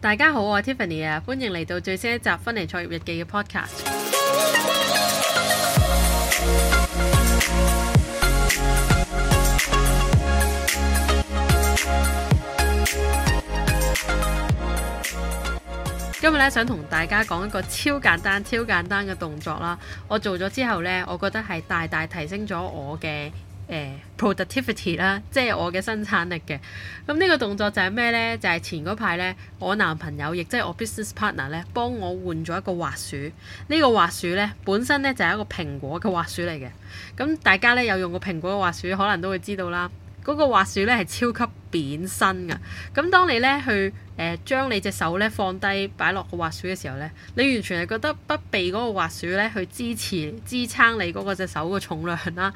大家好，我係 Tiffany 啊，歡迎嚟到最新一集《芬尼創業日記》嘅 Podcast。今日咧想同大家講一個超簡單、超簡單嘅動作啦，我做咗之後咧，我覺得係大大提升咗我嘅。誒 productivity 啦，欸、productivity，即係我嘅生產力嘅。咁呢個動作就係咩呢？就係、是、前嗰排呢，我男朋友亦即係我 business partner 呢，幫我換咗一個滑鼠。呢、這個滑鼠呢，本身呢就係一個蘋果嘅滑鼠嚟嘅。咁大家呢，有用過蘋果嘅滑鼠，可能都會知道啦。嗰、那個滑鼠呢係超級扁身㗎。咁當你呢去誒將、呃、你隻手呢放低擺落個滑鼠嘅時候呢，你完全係覺得不被嗰個滑鼠呢去支持支撐你嗰個隻手嘅重量啦。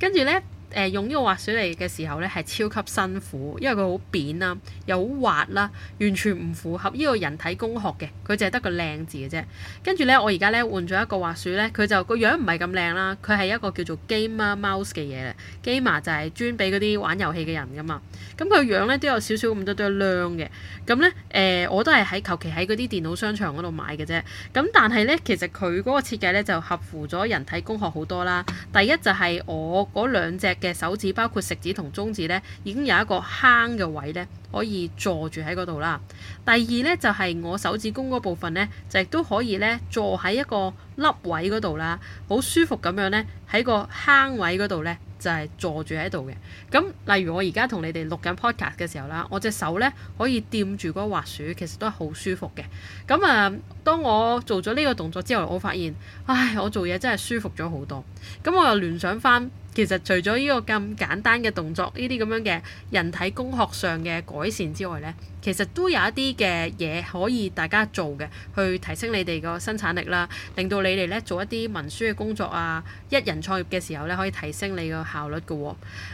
跟住呢。誒用呢個滑鼠嚟嘅時候咧，係超級辛苦，因為佢好扁啦，又好滑啦，完全唔符合呢個人體工學嘅，佢淨係得個靚字嘅啫。跟住咧，我而家咧換咗一個滑鼠咧，佢就個樣唔係咁靚啦，佢係一個叫做 Gamer Mouse 嘅嘢啦。Gamer 就係專俾嗰啲玩遊戲嘅人噶嘛。咁佢樣咧都有少少咁多多量嘅。咁咧誒，我都係喺求其喺嗰啲電腦商場嗰度買嘅啫。咁但係咧，其實佢嗰個設計咧就合乎咗人體工學好多啦。第一就係我嗰兩隻嘅手指包括食指同中指咧，已經有一個坑嘅位咧，可以坐住喺嗰度啦。第二咧就係我手指公嗰部分咧，就亦都可以咧坐喺一個凹位嗰度啦，好舒服咁樣咧，喺個坑位嗰度咧就係坐住喺度嘅。咁例如我而家同你哋錄緊 podcast 嘅時候啦，我隻手咧可以掂住個滑鼠，其實都係好舒服嘅。咁啊，當我做咗呢個動作之後，我發現唉，我做嘢真係舒服咗好多。咁我又聯想返。其實除咗呢個咁簡單嘅動作，呢啲咁樣嘅人體工學上嘅改善之外呢，其實都有一啲嘅嘢可以大家做嘅，去提升你哋個生產力啦，令到你哋呢做一啲文書嘅工作啊，一人創業嘅時候呢可以提升你個效率㗎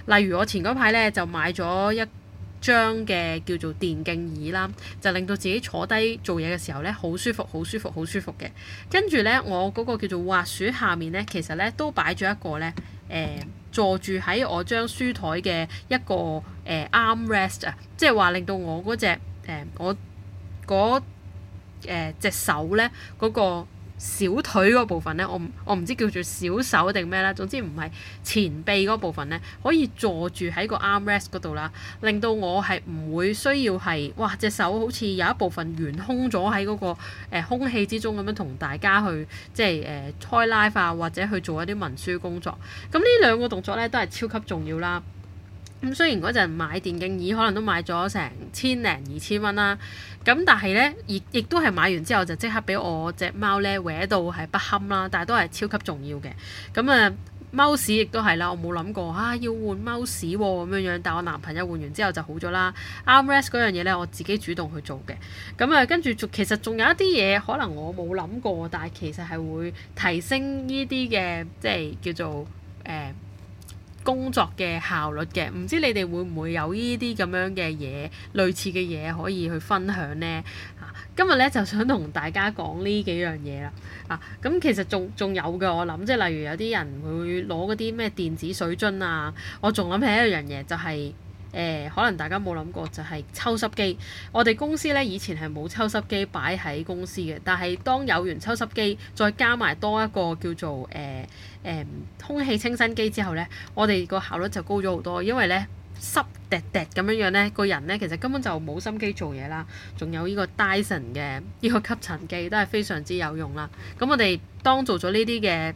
喎。例如我前嗰排呢就買咗一張嘅叫做電競椅啦，就令到自己坐低做嘢嘅時候呢好舒服，好舒服，好舒服嘅。跟住呢，我嗰個叫做滑鼠下面呢，其實呢都擺咗一個呢。誒、呃、坐住喺我張書台嘅一個誒 armrest 啊，呃、arm rest, 即係話令到我嗰隻誒、呃、我嗰誒隻手咧嗰、嗰個。小腿嗰部分咧，我唔我唔知叫做小手定咩啦，總之唔係前臂嗰部分咧，可以坐住喺個 armrest 嗰度啦，令到我係唔會需要係哇隻手好似有一部分懸空咗喺嗰個、呃、空氣之中咁樣，同大家去即係開 live 啊，或者去做一啲文書工作，咁呢兩個動作咧都係超級重要啦。咁雖然嗰陣買電競椅可能都買咗成千零二千蚊啦，咁但係呢，亦亦都係買完之後就即刻俾我隻貓呢，搲到係不堪啦，但係都係超級重要嘅。咁啊，貓屎亦都係啦，我冇諗過啊要換貓屎喎咁樣樣，但我男朋友換完之後就好咗啦。Armrest 嗰樣嘢呢，我自己主動去做嘅。咁啊，跟住其實仲有一啲嘢可能我冇諗過，但係其實係會提升呢啲嘅即係叫做、欸工作嘅效率嘅，唔知你哋會唔會有呢啲咁樣嘅嘢，類似嘅嘢可以去分享呢？今日咧就想同大家講呢幾樣嘢啦。咁、啊、其實仲仲有嘅，我諗即係例如有啲人會攞嗰啲咩電子水樽啊，我仲諗起一樣嘢就係、是。誒、呃、可能大家冇諗過就係、是、抽濕機，我哋公司呢，以前係冇抽濕機擺喺公司嘅，但係當有完抽濕機，再加埋多一個叫做誒誒、呃呃、空氣清新機之後呢，我哋個效率就高咗好多，因為呢濕滴滴咁樣樣呢個人呢，其實根本就冇心機做嘢啦。仲有呢個 Dyson 嘅呢、呢個吸塵機都係非常之有用啦。咁我哋當做咗呢啲嘅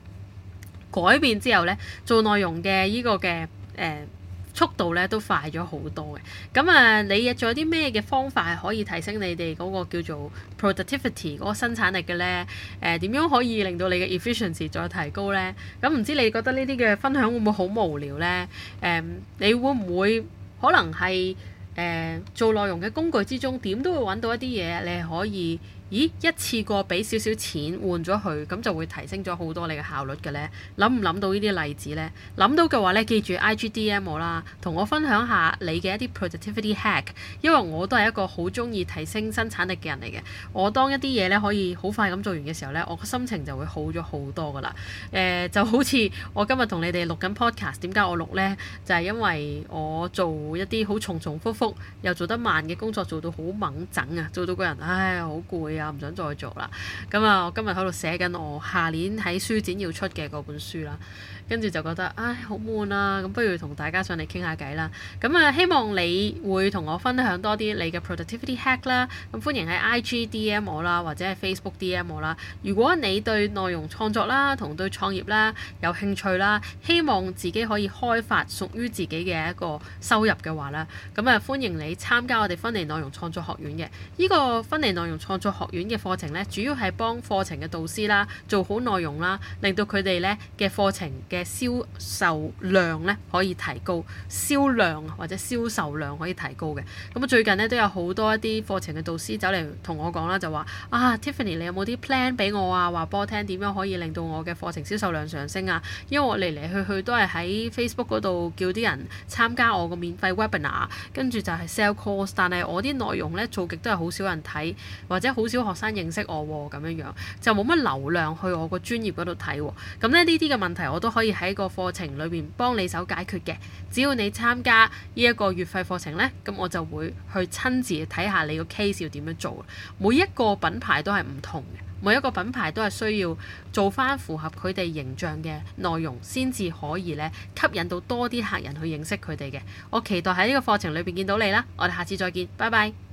改變之後呢，做內容嘅呢個嘅誒。呃速度咧都快咗好多嘅，咁啊，你有仲有啲咩嘅方法係可以提升你哋嗰個叫做 productivity 嗰個生產力嘅咧？誒、呃，點樣可以令到你嘅 efficiency 再提高咧？咁唔知你覺得呢啲嘅分享會唔會好無聊咧？誒、呃，你會唔會可能係誒、呃、做內容嘅工具之中，點都會揾到一啲嘢你係可以？咦，一次過俾少少錢換咗佢，咁就會提升咗好多你嘅效率嘅咧。諗唔諗到呢啲例子咧？諗到嘅話咧，記住 I G D M 我啦，同我分享下你嘅一啲 productivity hack，因為我都係一個好中意提升生產力嘅人嚟嘅。我當一啲嘢咧可以好快咁做完嘅時候咧，我個心情就會好咗好多噶啦。誒、呃，就好似我今日同你哋錄緊 podcast，點解我錄咧？就係、是、因為我做一啲好重重複複又做得慢嘅工作，做到好猛整啊，做到個人唉好攰啊！啊！唔想再做啦，咁啊，我今日喺度寫緊我下年喺書展要出嘅嗰本書啦，跟住就覺得唉好悶啊，咁不如同大家上嚟傾下偈啦，咁啊希望你會同我分享多啲你嘅 productivity hack 啦，咁歡迎喺 IG DM 我啦，或者係 Facebook DM 我啦。如果你對內容創作啦，同對創業啦有興趣啦，希望自己可以開發屬於自己嘅一個收入嘅話啦，咁啊歡迎你參加我哋芬尼內容創作學院嘅，呢、這個芬尼內容創作學院院嘅課程咧，主要係幫課程嘅導師啦，做好內容啦，令到佢哋咧嘅課程嘅銷售量咧可以提高，銷量或者銷售量可以提高嘅。咁啊，最近咧都有好多一啲課程嘅導師走嚟同我講啦，就話啊，Tiffany，你有冇啲 plan 俾我啊？話俾我聽點樣可以令到我嘅課程銷售量上升啊？因為我嚟嚟去去都係喺 Facebook 度叫啲人參加我個免費 webinar，跟住就係 sell course，但係我啲內容咧做極都係好少人睇，或者好少。學生認識我咁樣樣就冇乜流量去我個專業嗰度睇咁，咧呢啲嘅問題我都可以喺個課程裏邊幫你手解決嘅。只要你參加呢一個月費課程呢，咁我就會去親自睇下你個 case 要點樣做。每一個品牌都係唔同嘅，每一個品牌都係需要做翻符合佢哋形象嘅內容，先至可以呢，吸引到多啲客人去認識佢哋嘅。我期待喺呢個課程裏邊見到你啦。我哋下次再見，拜拜。